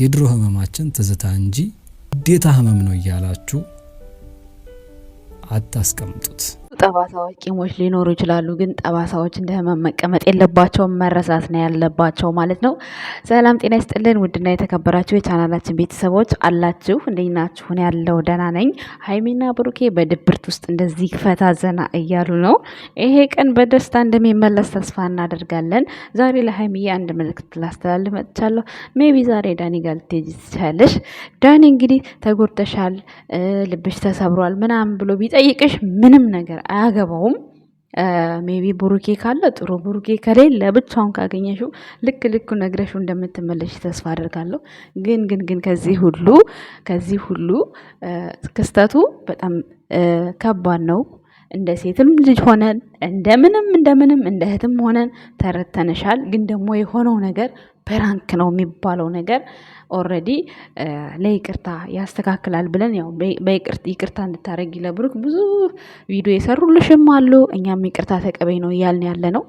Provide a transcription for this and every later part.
የድሮ ህመማችን ትዝታ እንጂ ግዴታ ህመም ነው እያላችሁ አታስቀምጡት። ጠባሳዎች ቂሞች ሊኖሩ ይችላሉ፣ ግን ጠባሳዎች እንደ ህመም መቀመጥ የለባቸውም መረሳት ነው ያለባቸው ማለት ነው። ሰላም ጤና ይስጥልን ውድና የተከበራችሁ የቻናላችን ቤተሰቦች አላችሁ እንዴት ናችሁ? ያለው ደህና ነኝ። ሀይሚና ብሩኬ በድብርት ውስጥ እንደዚህ ፈታ ዘና እያሉ ነው። ይሄ ቀን በደስታ እንደሚመለስ ተስፋ እናደርጋለን። ዛሬ ለሀይሚዬ አንድ መልእክት ላስተላልፍ መጥቻለሁ። ሜቢ ዛሬ ዳኒ ጋር ልትሄጂ ትችያለሽ። ዳኒ እንግዲህ ተጎድተሻል፣ ልብሽ ተሰብሯል ምናምን ብሎ ቢጠይቅሽ ምንም ነገር አያገባውም። ሜቢ ቡሩኬ ካለ ጥሩ፣ ቡሩኬ ከሌለ ብቻውን ካገኘሽው ልክ ልኩ ነግረሽው እንደምትመለሽ ተስፋ አደርጋለሁ። ግን ግን ግን ከዚህ ሁሉ ከዚህ ሁሉ ክስተቱ በጣም ከባድ ነው። እንደ ሴትም ልጅ ሆነን እንደምንም እንደምንም እንደ እህትም ሆነን ተረተነሻል ግን ደግሞ የሆነው ነገር ፕራንክ ነው የሚባለው ነገር ኦልሬዲ ለይቅርታ ያስተካክላል ብለን ያው ይቅርታ እንድታደረግ ለብሩክ ብዙ ቪዲዮ የሰሩልሽም አሉ። እኛም ይቅርታ ተቀበይ ነው እያልን ያለ ነው።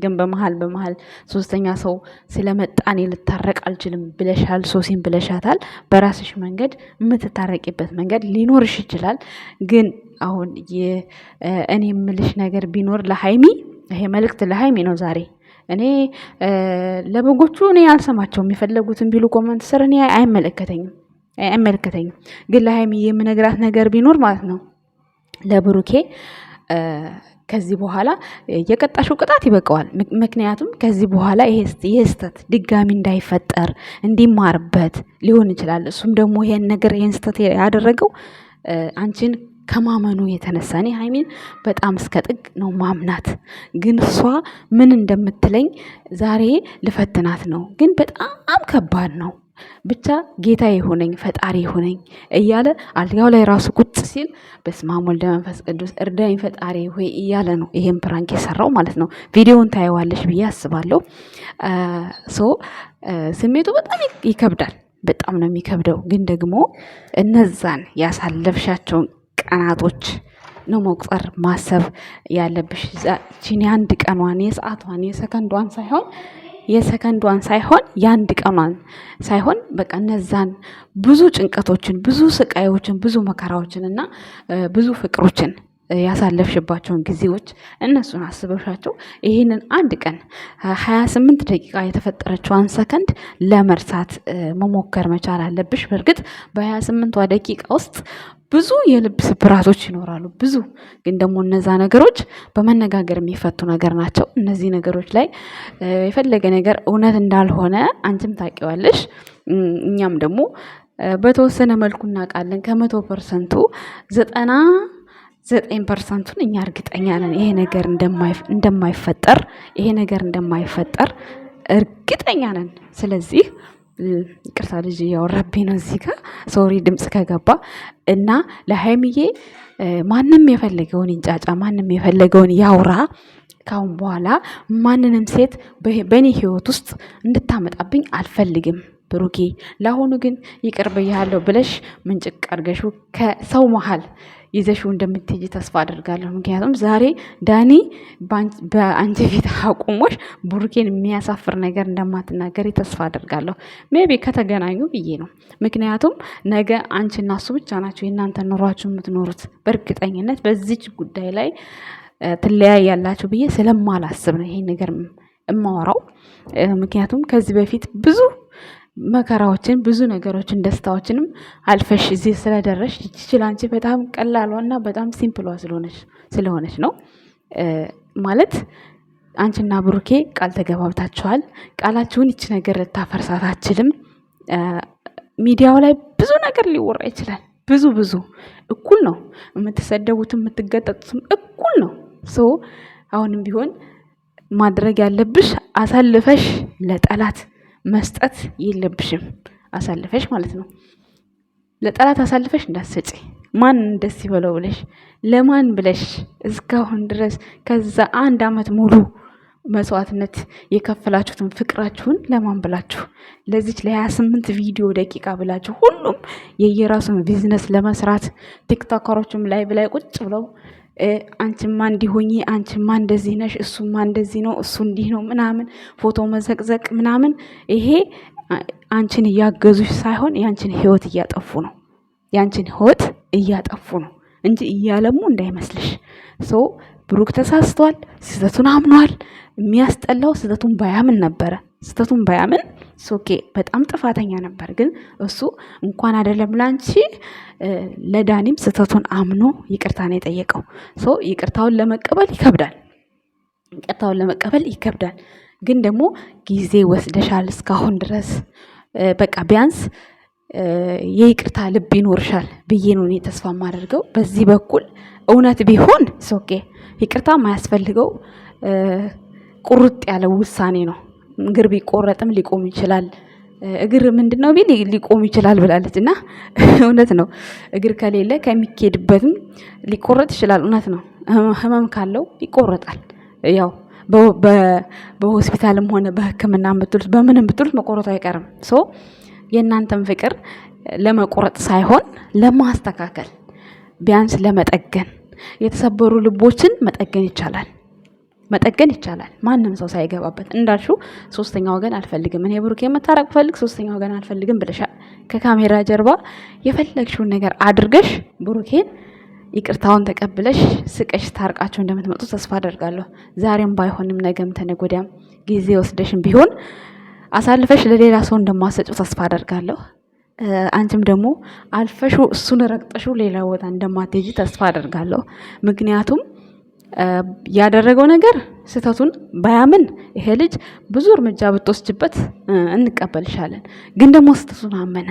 ግን በመሀል በመሀል ሶስተኛ ሰው ስለመጣ እኔ ልታረቅ አልችልም ብለሻል፣ ሶሲን ብለሻታል። በራስሽ መንገድ የምትታረቂበት መንገድ ሊኖርሽ ይችላል። ግን አሁን እኔ የምልሽ ነገር ቢኖር ለሀይሚ ይሄ መልእክት ለሀይሚ ነው ዛሬ እኔ ለበጎቹ እኔ አልሰማቸውም። የፈለጉትን ቢሉ ኮመንት ስር እኔ አይመለከተኝም አይመለከተኝም። ግን ለሀይሚ የምነግራት ነገር ቢኖር ማለት ነው ለብሩኬ ከዚህ በኋላ የቀጣሽው ቅጣት ይበቀዋል። ምክንያቱም ከዚህ በኋላ ይህ ስህተት ድጋሚ እንዳይፈጠር እንዲማርበት ሊሆን ይችላል። እሱም ደግሞ ይሄን ነገር ይህን ስተት ያደረገው አንቺን ከማመኑ የተነሳ እኔ ሀይሚን በጣም እስከ ጥግ ነው ማምናት። ግን እሷ ምን እንደምትለኝ ዛሬ ልፈትናት ነው። ግን በጣም ከባድ ነው። ብቻ ጌታ የሆነኝ ፈጣሪ የሆነኝ እያለ አልጋው ላይ ራሱ ቁጭ ሲል በስመ አብ ቅዱስ እርዳኝ ፈጣሪ ሆይ እያለ ነው ይሄን ፕራንክ የሰራው ማለት ነው። ቪዲዮውን ታየዋለሽ ብዬ አስባለሁ። ሶ ስሜቱ በጣም ይከብዳል። በጣም ነው የሚከብደው። ግን ደግሞ እነዛን ያሳለፍሻቸውን ቀናቶች ነው መቁጠር ማሰብ ያለብሽ። የአንድ ቀኗን የሰዓቷን የሰከንዷን ሳይሆን የሰከንዷን ሳይሆን የአንድ ቀኗን ሳይሆን በቃ እነዛን ብዙ ጭንቀቶችን፣ ብዙ ስቃዮችን፣ ብዙ መከራዎችን እና ብዙ ፍቅሮችን ያሳለፍሽባቸውን ጊዜዎች እነሱን አስበሻቸው ይህንን አንድ ቀን ሀያ ስምንት ደቂቃ የተፈጠረችዋን ሰከንድ ለመርሳት መሞከር መቻል አለብሽ። በእርግጥ በሀያ ስምንቷ ደቂቃ ውስጥ ብዙ የልብ ስብራቶች ይኖራሉ። ብዙ ግን ደግሞ እነዛ ነገሮች በመነጋገር የሚፈቱ ነገር ናቸው። እነዚህ ነገሮች ላይ የፈለገ ነገር እውነት እንዳልሆነ አንቺም ታውቂዋለሽ፣ እኛም ደግሞ በተወሰነ መልኩ እናውቃለን። ከመቶ ፐርሰንቱ ዘጠና ዘጠኝ ፐርሰንቱን እኛ እርግጠኛ ነን ይሄ ነገር እንደማይፈጠር ይሄ ነገር እንደማይፈጠር እርግጠኛ ነን። ስለዚህ ይቅርታ ልጅ እያወራብኝ ነው እዚህ ጋር ሶሪ፣ ድምፅ ከገባ እና ለሀይምዬ ማንም የፈለገውን ይንጫጫ፣ ማንም የፈለገውን ያውራ። ካሁን በኋላ ማንንም ሴት በእኔ ህይወት ውስጥ እንድታመጣብኝ አልፈልግም። ብሩኬ ለአሁኑ ግን ይቅር ብያለሁ ብለሽ ምንጭቅ አድርገሽው ከሰው መሀል ይዘሽው እንደምትሄጂ ተስፋ አደርጋለሁ። ምክንያቱም ዛሬ ዳኒ በአንቺ ፊት አቁሞሽ ቡርኬን የሚያሳፍር ነገር እንደማትናገሪ ተስፋ አደርጋለሁ። ሜቢ ከተገናኙ ብዬ ነው። ምክንያቱም ነገ አንቺና እሱ ብቻ ናቸው የእናንተ ኑሯችሁ የምትኖሩት። በእርግጠኝነት በዚች ጉዳይ ላይ ትለያያላችሁ ብዬ ስለማላስብ ነው ይሄን ነገር የማወራው። ምክንያቱም ከዚህ በፊት ብዙ መከራዎችን ብዙ ነገሮችን ደስታዎችንም አልፈሽ እዚህ ስለደረሽ ይችል አንቺ በጣም ቀላሏ እና በጣም ሲምፕሏ ስለሆነች ነው ማለት አንቺና ብሩኬ ቃል ተገባብታችኋል። ቃላችሁን ይች ነገር ልታፈርሳት አችልም። ሚዲያው ላይ ብዙ ነገር ሊወራ ይችላል። ብዙ ብዙ እኩል ነው። የምትሰደቡትም የምትገጠጡትም እኩል ነው። ሶ አሁንም ቢሆን ማድረግ ያለብሽ አሳልፈሽ ለጠላት መስጠት የለብሽም አሳልፈሽ ማለት ነው። ለጠላት አሳልፈሽ እንዳትሰጪ። ማን ደስ ይበለው ብለሽ ለማን ብለሽ እስካሁን ድረስ ከዛ አንድ አመት ሙሉ መስዋዕትነት የከፈላችሁትን ፍቅራችሁን ለማን ብላችሁ ለዚች ለሀያ ስምንት ቪዲዮ ደቂቃ ብላችሁ ሁሉም የየራሱን ቢዝነስ ለመስራት ቲክቶከሮችም ላይ ብላይ ቁጭ ብለው አንቺማ እንዲሆኝ አንቺማ እንደዚህ ነሽ፣ እሱማ እንደዚህ ነው፣ እሱ እንዲህ ነው ምናምን ፎቶ መዘቅዘቅ ምናምን ይሄ አንቺን እያገዙሽ ሳይሆን ያንቺን ህይወት እያጠፉ ነው። ያንቺን ህይወት እያጠፉ ነው እንጂ እያለሙ እንዳይመስልሽ። ሶ ብሩክ ተሳስቷል፣ ስህተቱን አምኗል። የሚያስጠላው ስህተቱን ባያምን ነበረ። ስህተቱን ባያምን ሶኬ በጣም ጥፋተኛ ነበር። ግን እሱ እንኳን አይደለም ላንቺ ለዳኒም ስህተቱን አምኖ ይቅርታ ነው የጠየቀው። ሶ ይቅርታውን ለመቀበል ይከብዳል። ይቅርታውን ለመቀበል ይከብዳል። ግን ደግሞ ጊዜ ወስደሻል እስካሁን ድረስ በቃ ቢያንስ የይቅርታ ልብ ይኖርሻል ብዬ ነው እኔ ተስፋ የማደርገው። በዚህ በኩል እውነት ቢሆን ሶኬ ይቅርታ የማያስፈልገው ቁርጥ ያለው ውሳኔ ነው። እግር ቢቆረጥም ሊቆም ይችላል። እግር ምንድነው ቢል ሊቆም ይችላል ብላለች እና እውነት ነው። እግር ከሌለ ከሚኬድበትም ሊቆረጥ ይችላል። እውነት ነው። ህመም ካለው ይቆረጣል። ያው በሆስፒታልም ሆነ በሕክምና ብትሉት በምንም ብትሉት መቆረጡ አይቀርም። ሶ የእናንተን ፍቅር ለመቆረጥ ሳይሆን ለማስተካከል ቢያንስ ለመጠገን የተሰበሩ ልቦችን መጠገን ይቻላል። መጠገን ይቻላል። ማንም ሰው ሳይገባበት እንዳልሹ ሶስተኛ ወገን አልፈልግም። እኔ ብሩኬ የምታረቅ ፈልግ ሶስተኛ ወገን አልፈልግም ብለሻል። ከካሜራ ጀርባ የፈለግሽውን ነገር አድርገሽ ብሩኬን ይቅርታውን ተቀብለሽ ስቀሽ ታርቃቸው እንደምትመጡ ተስፋ አደርጋለሁ። ዛሬም ባይሆንም ነገም ተነጎዳም ጊዜ ወስደሽም ቢሆን አሳልፈሽ ለሌላ ሰው እንደማሰጩ ተስፋ አደርጋለሁ። አንቺም ደግሞ አልፈሹ እሱን ረግጠሹ ሌላ ቦታ እንደማትሄጂ ተስፋ አደርጋለሁ። ምክንያቱም ያደረገው ነገር ስህተቱን ባያምን ይሄ ልጅ ብዙ እርምጃ ብትወስጅበት እንቀበልሻለን። ግን ደግሞ ስህተቱን አመነ።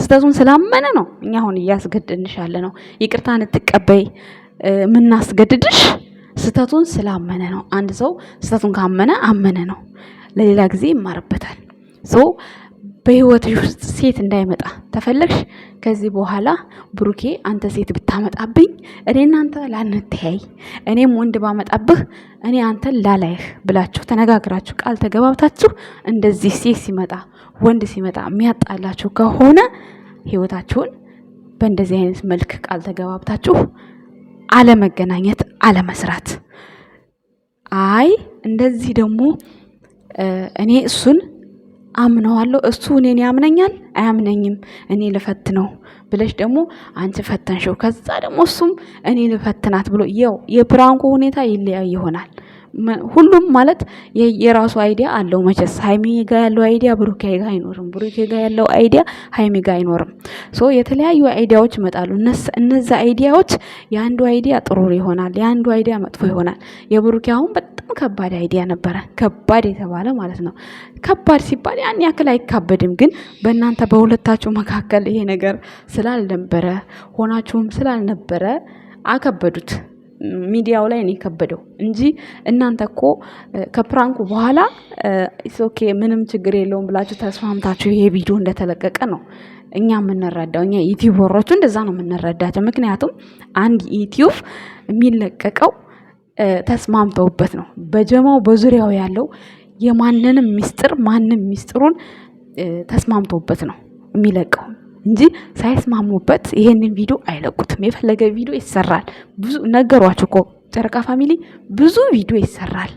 ስህተቱን ስላመነ ነው እኛ አሁን እያስገድንሻለ ነው ይቅርታ እንድትቀበይ የምናስገድድሽ ስህተቱን ስላመነ ነው። አንድ ሰው ስህተቱን ካመነ አመነ ነው። ለሌላ ጊዜ ይማርበታል። በህይወትሽ ውስጥ ሴት እንዳይመጣ ተፈለግሽ፣ ከዚህ በኋላ ብሩኬ አንተ ሴት ብታመጣብኝ እኔ እናንተ ላንተያይ፣ እኔም ወንድ ባመጣብህ እኔ አንተ ላላይህ ብላችሁ ተነጋግራችሁ ቃል ተገባብታችሁ እንደዚህ ሴት ሲመጣ ወንድ ሲመጣ የሚያጣላችሁ ከሆነ ህይወታችሁን በእንደዚህ አይነት መልክ ቃል ተገባብታችሁ አለመገናኘት፣ አለመስራት። አይ እንደዚህ ደግሞ እኔ እሱን አምነዋለሁ። እሱ እኔን ያምነኛል አያምነኝም፣ እኔ ልፈትነው ብለሽ ደግሞ አንቺ ፈተንሽው፣ ከዛ ደግሞ እሱም እኔ ልፈትናት ብሎ ያው የፕራንኩ ሁኔታ ይለያይ ይሆናል። ሁሉም ማለት የራሱ አይዲያ አለው። መቼስ ሀይሚ ጋ ያለው አይዲያ ብሩኬ ጋ አይኖርም፣ ብሩኬ ጋ ያለው አይዲያ ሀይሚ ጋ አይኖርም። ሶ የተለያዩ አይዲያዎች ይመጣሉ። እነዛ አይዲያዎች የአንዱ አይዲያ ጥሩ ይሆናል፣ የአንዱ አይዲያ መጥፎ ይሆናል። የብሩኬ አሁን በጣም ከባድ አይዲያ ነበረ፣ ከባድ የተባለ ማለት ነው። ከባድ ሲባል ያን ያክል አይካበድም፣ ግን በእናንተ በሁለታችሁ መካከል ይሄ ነገር ስላልነበረ ሆናችሁም ስላልነበረ አከበዱት። ሚዲያው ላይ ነው የከበደው እንጂ እናንተ እኮ ከፕራንኩ በኋላ ኦኬ ምንም ችግር የለውም ብላችሁ ተስማምታችሁ ይሄ ቪዲዮ እንደተለቀቀ ነው እኛ የምንረዳው። እኛ ወሮቹ እንደዛ ነው የምንረዳቸው። ምክንያቱም አንድ ዩቲዩብ የሚለቀቀው ተስማምተውበት ነው። በጀማው በዙሪያው ያለው የማንንም ሚስጥር ማንም ሚስጥሩን ተስማምተውበት ነው የሚለቀው። እንጂ ሳይስማሙበት ይሄንን ቪዲዮ አይለቁትም። የፈለገ ቪዲዮ ይሰራል። ብዙ ነገሯቸው እኮ ጨረቃ ፋሚሊ ብዙ ቪዲዮ ይሰራል።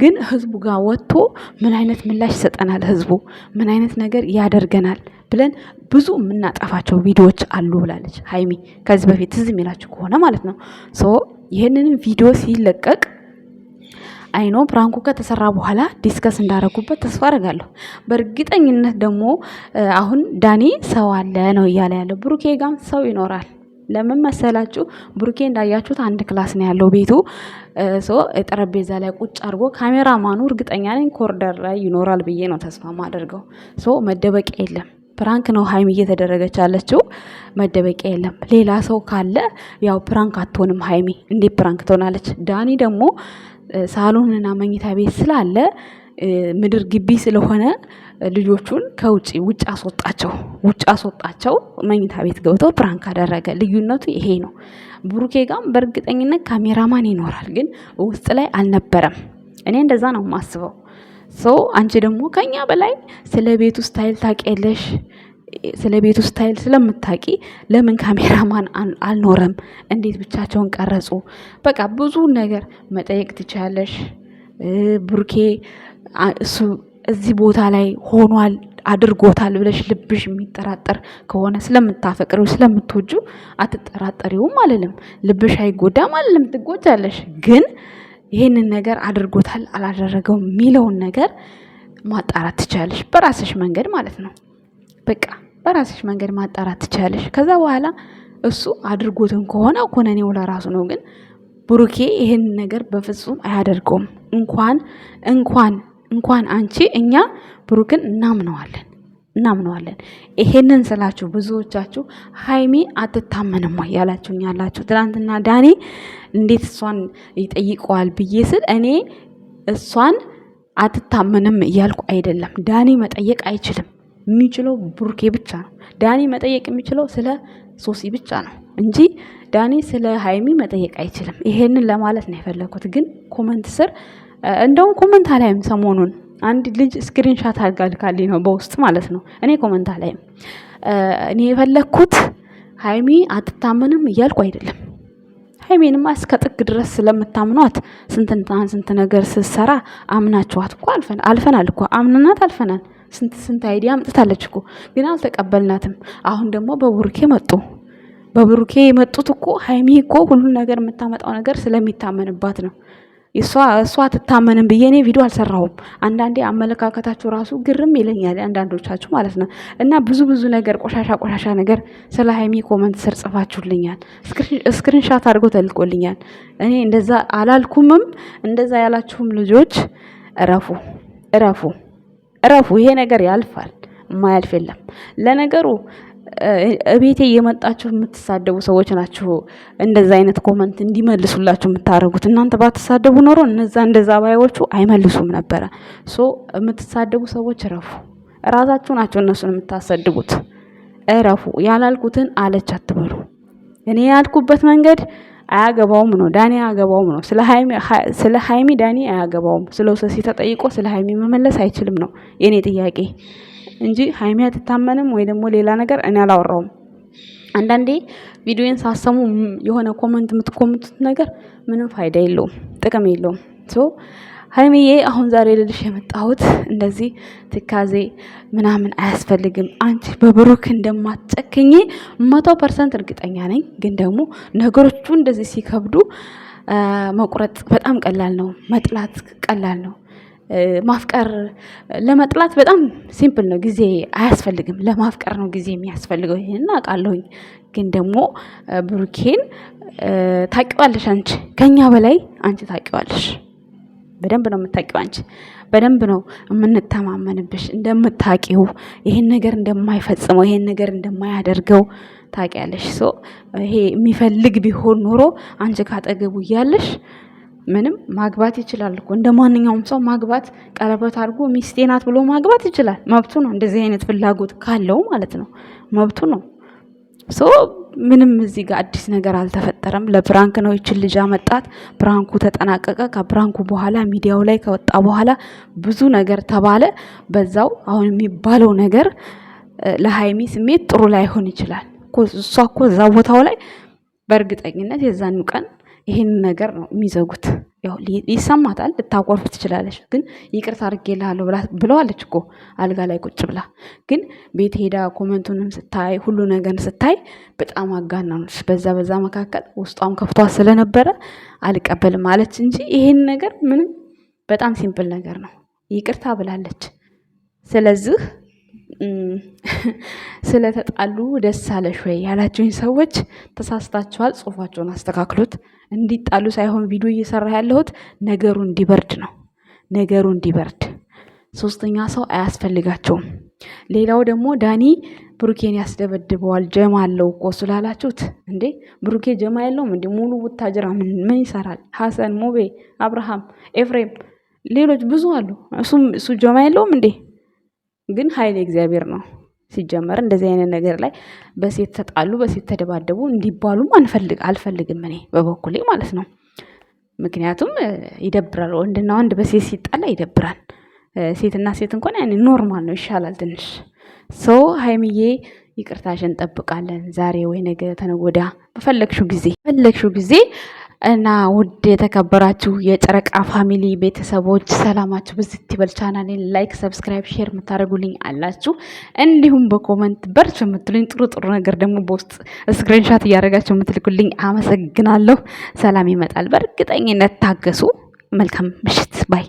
ግን ህዝቡ ጋር ወጥቶ ምን አይነት ምላሽ ይሰጠናል፣ ህዝቡ ምን አይነት ነገር ያደርገናል ብለን ብዙ የምናጠፋቸው ቪዲዮዎች አሉ ብላለች ሀይሚ ከዚህ በፊት ትዝ የሚላችሁ ከሆነ ማለት ነው። ሶ ይህንንም ቪዲዮ ሲለቀቅ አይኖ ፕራንኩ ከተሰራ በኋላ ዲስከስ እንዳረጉበት ተስፋ አደርጋለሁ። በእርግጠኝነት ደግሞ አሁን ዳኒ ሰው አለ ነው እያለ ያለው። ብሩኬ ጋም ሰው ይኖራል። ለምን መሰላችሁ? ብሩኬ እንዳያችሁት አንድ ክላስ ነው ያለው ቤቱ። ጠረጴዛ ላይ ቁጭ አድርጎ ካሜራማኑ እርግጠኛ ነኝ ኮሪደር ላይ ይኖራል ብዬ ነው ተስፋ ማደርገው። መደበቂያ የለም። ፕራንክ ነው ሀይሚ እየተደረገች ያለችው። መደበቂያ የለም። ሌላ ሰው ካለ ያው ፕራንክ አትሆንም ሀይሚ። እንዴት ፕራንክ ትሆናለች? ዳኒ ደግሞ ሳሎንና መኝታ ቤት ስላለ ምድር ግቢ ስለሆነ ልጆቹን ከውጪ ውጭ አስወጣቸው ውጭ አስወጣቸው መኝታ ቤት ገብተው ፕራንክ አደረገ። ልዩነቱ ይሄ ነው። ብሩኬ ጋም በእርግጠኝነት ካሜራማን ይኖራል፣ ግን ውስጥ ላይ አልነበረም። እኔ እንደዛ ነው የማስበው። ሰው አንቺ ደግሞ ከኛ በላይ ስለ ቤቱ ስታይል ታውቂያለሽ። ስለ ቤቱ ስታይል ስለምታቂ ለምን ካሜራማን አልኖረም? እንዴት ብቻቸውን ቀረጹ? በቃ ብዙ ነገር መጠየቅ ትችያለሽ። ብሩኬ እሱ እዚህ ቦታ ላይ ሆኗል አድርጎታል ብለሽ ልብሽ የሚጠራጠር ከሆነ ስለምታፈቅሪው ስለምትወጁ አትጠራጠሪውም አልልም። ልብሽ አይጎዳም አልልም፣ ትጎጃለሽ። ግን ይህንን ነገር አድርጎታል አላደረገውም የሚለውን ነገር ማጣራት ትችያለሽ፣ በራስሽ መንገድ ማለት ነው። በቃ በራስሽ መንገድ ማጣራት ትቻለሽ። ከዛ በኋላ እሱ አድርጎትን ከሆነ ኮነኔው ለራሱ ነው። ግን ብሩኬ ይህን ነገር በፍጹም አያደርገውም። እንኳን እንኳን እንኳን አንቺ እኛ ብሩክን እናምነዋለን እናምነዋለን። ይሄንን ስላችሁ ብዙዎቻችሁ ሀይሚ አትታመንም ወይ ያላችሁኝ ያላችሁ፣ ትናንትና ዳኔ እንዴት እሷን ይጠይቀዋል ብዬ ስል እኔ እሷን አትታመንም እያልኩ አይደለም። ዳኔ መጠየቅ አይችልም የሚችለው ቡርኬ ብቻ ነው። ዳኒ መጠየቅ የሚችለው ስለ ሶሲ ብቻ ነው እንጂ ዳኒ ስለ ሀይሚ መጠየቅ አይችልም። ይሄንን ለማለት ነው የፈለኩት። ግን ኮመንት ስር እንደውም ኮመንት አላይም ሰሞኑን አንድ ልጅ ስክሪንሻት አድርጋ ነው በውስጥ ማለት ነው። እኔ ኮመንት አላይም። እኔ የፈለግኩት ሀይሚ አትታመንም እያልኩ አይደለም። ሀይሜንማ እስከ ጥግ ድረስ ስለምታምኗት ስንትና ስንት ነገር ስትሰራ አምናችኋት እኮ አልፈናል እኮ አምንናት አልፈናል። ስንት ስንት አይዲያ አምጥታለች እኮ ግን አልተቀበልናትም። አሁን ደግሞ በቡርኬ መጡ። በቡሩኬ የመጡት እኮ ሀይሚ እኮ ሁሉን ነገር የምታመጣው ነገር ስለሚታመንባት ነው። እሷ አትታመንም ብዬ እኔ ቪዲዮ አልሰራሁም። አንዳንዴ አመለካከታችሁ ራሱ ግርም ይለኛል፣ አንዳንዶቻችሁ ማለት ነው። እና ብዙ ብዙ ነገር ቆሻሻ ቆሻሻ ነገር ስለ ሀይሚ ኮመንት ስር ጽፋችሁልኛል፣ ስክሪንሻት አድርጎ ተልቆልኛል። እኔ እንደዛ አላልኩምም። እንደዛ ያላችሁም ልጆች እረፉ፣ እረፉ። እረፉ። ይሄ ነገር ያልፋል፣ ማያልፍ የለም። ለነገሩ እቤቴ እየመጣችሁ የምትሳደቡ ሰዎች ናችሁ እንደዛ አይነት ኮመንት እንዲመልሱላችሁ የምታደርጉት። እናንተ ባትሳደቡ ኖሮ እነዛ እንደዛ ባዮቹ አይመልሱም ነበረ። ሶ የምትሳደቡ ሰዎች እረፉ። እራሳችሁ ናቸው እነሱን የምታሰድቡት። እረፉ። ያላልኩትን አለች አትበሉ። እኔ ያልኩበት መንገድ አያገባውም ነው ዳኒ አያገባውም ነው። ስለ ሀይሚ ዳኒ አያገባውም። ስለ ውሰሲ ተጠይቆ ስለ ሀይሚ መመለስ አይችልም ነው የኔ ጥያቄ እንጂ ሀይሚ አትታመንም ወይ ደግሞ ሌላ ነገር እኔ አላወራውም። አንዳንዴ ቪዲዮን ሳሰሙ የሆነ ኮመንት የምትኮምቱት ነገር ምንም ፋይዳ የለውም፣ ጥቅም የለውም። ሀይሚዬ አሁን ዛሬ ልልሽ የመጣሁት እንደዚህ ትካዜ ምናምን አያስፈልግም። አንቺ በብሩክ እንደማትጨክኝ መቶ ፐርሰንት እርግጠኛ ነኝ። ግን ደግሞ ነገሮቹ እንደዚህ ሲከብዱ መቁረጥ በጣም ቀላል ነው። መጥላት ቀላል ነው። ማፍቀር ለመጥላት በጣም ሲምፕል ነው። ጊዜ አያስፈልግም። ለማፍቀር ነው ጊዜ የሚያስፈልገው። ይህን አውቃለሁኝ። ግን ደግሞ ብሩኬን ታቂዋለሽ አንቺ ከኛ በላይ አንቺ ታቂዋለሽ። በደንብ ነው የምታውቂው አንቺ። በደንብ ነው የምንተማመንብሽ። እንደምታውቂው ይሄን ነገር እንደማይፈጽመው ይሄን ነገር እንደማያደርገው ታውቂያለሽ። ሶ ይሄ የሚፈልግ ቢሆን ኖሮ አንቺ ካጠገቡ እያለሽ ምንም ማግባት ይችላል እኮ እንደ ማንኛውም ሰው ማግባት፣ ቀለበት አድርጎ ሚስቴ ናት ብሎ ማግባት ይችላል። መብቱ ነው። እንደዚህ አይነት ፍላጎት ካለው ማለት ነው መብቱ ነው። ምንም እዚህ ጋር አዲስ ነገር አልተፈጠረም። ለፕራንክ ነው ይችን ልጅ አመጣት። ፕራንኩ ተጠናቀቀ። ከፕራንኩ በኋላ ሚዲያው ላይ ከወጣ በኋላ ብዙ ነገር ተባለ። በዛው አሁን የሚባለው ነገር ለሀይሚ ስሜት ጥሩ ላይሆን ይችላል። እሷ እኮ እዛ ቦታው ላይ በእርግጠኝነት የዛኑ ቀን ይሄንን ነገር ነው የሚዘጉት። ይሰማታል፣ ልታቆርፍ ትችላለች። ግን ይቅርታ አድርጌልሃለሁ ብለዋለች እኮ አልጋ ላይ ቁጭ ብላ። ግን ቤት ሄዳ ኮመንቱንም ስታይ ሁሉ ነገር ስታይ በጣም አጋናኖች። በዛ በዛ መካከል ውስጧም ከፍቷ ስለነበረ አልቀበልም አለች እንጂ ይሄን ነገር ምንም በጣም ሲምፕል ነገር ነው። ይቅርታ ብላለች። ስለዚህ ስለተጣሉ ደስ አለሽ ወይ ያላችሁኝ ሰዎች ተሳስታችኋል። ጽሁፋቸውን አስተካክሉት። እንዲጣሉ ሳይሆን ቪዲዮ እየሰራ ያለሁት ነገሩ እንዲበርድ ነው። ነገሩ እንዲበርድ ሶስተኛ ሰው አያስፈልጋቸውም። ሌላው ደግሞ ዳኒ ብሩኬን ያስደበድበዋል። ጀማ አለው እኮ ስላላችሁት እንዴ ብሩኬ ጀማ የለውም እንዴ? ሙሉ ቡታጅራ ምን ይሰራል? ሀሰን፣ ሙቤ፣ አብርሃም፣ ኤፍሬም፣ ሌሎች ብዙ አሉ። እሱ ጀማ የለውም እንዴ? ግን ኃይል እግዚአብሔር ነው። ሲጀመር እንደዚህ አይነት ነገር ላይ በሴት ተጣሉ፣ በሴት ተደባደቡ እንዲባሉም አንፈልግ አልፈልግም እኔ በበኩሌ ማለት ነው። ምክንያቱም ይደብራል። ወንድና ወንድ በሴት ሲጣላ ይደብራል። ሴትና ሴት እንኳን ያኔ ኖርማል ነው፣ ይሻላል ትንሽ ሰው። ሀይምዬ ይቅርታሽን እንጠብቃለን። ዛሬ ወይ ነገ ተነጎዳ በፈለግሹ ጊዜ በፈለግሹ ጊዜ እና ውድ የተከበራችሁ የጨረቃ ፋሚሊ ቤተሰቦች ሰላማችሁ ብዝት ይበል። ቻናሌን ላይክ፣ ሰብስክራይብ፣ ሼር የምታደርጉልኝ አላችሁ፣ እንዲሁም በኮመንት በርች የምትሉኝ ጥሩ ጥሩ ነገር ደግሞ በውስጥ ስክሪንሻት እያደረጋችሁ የምትልኩልኝ አመሰግናለሁ። ሰላም ይመጣል በእርግጠኝነት ታገሱ። መልካም ምሽት ባይ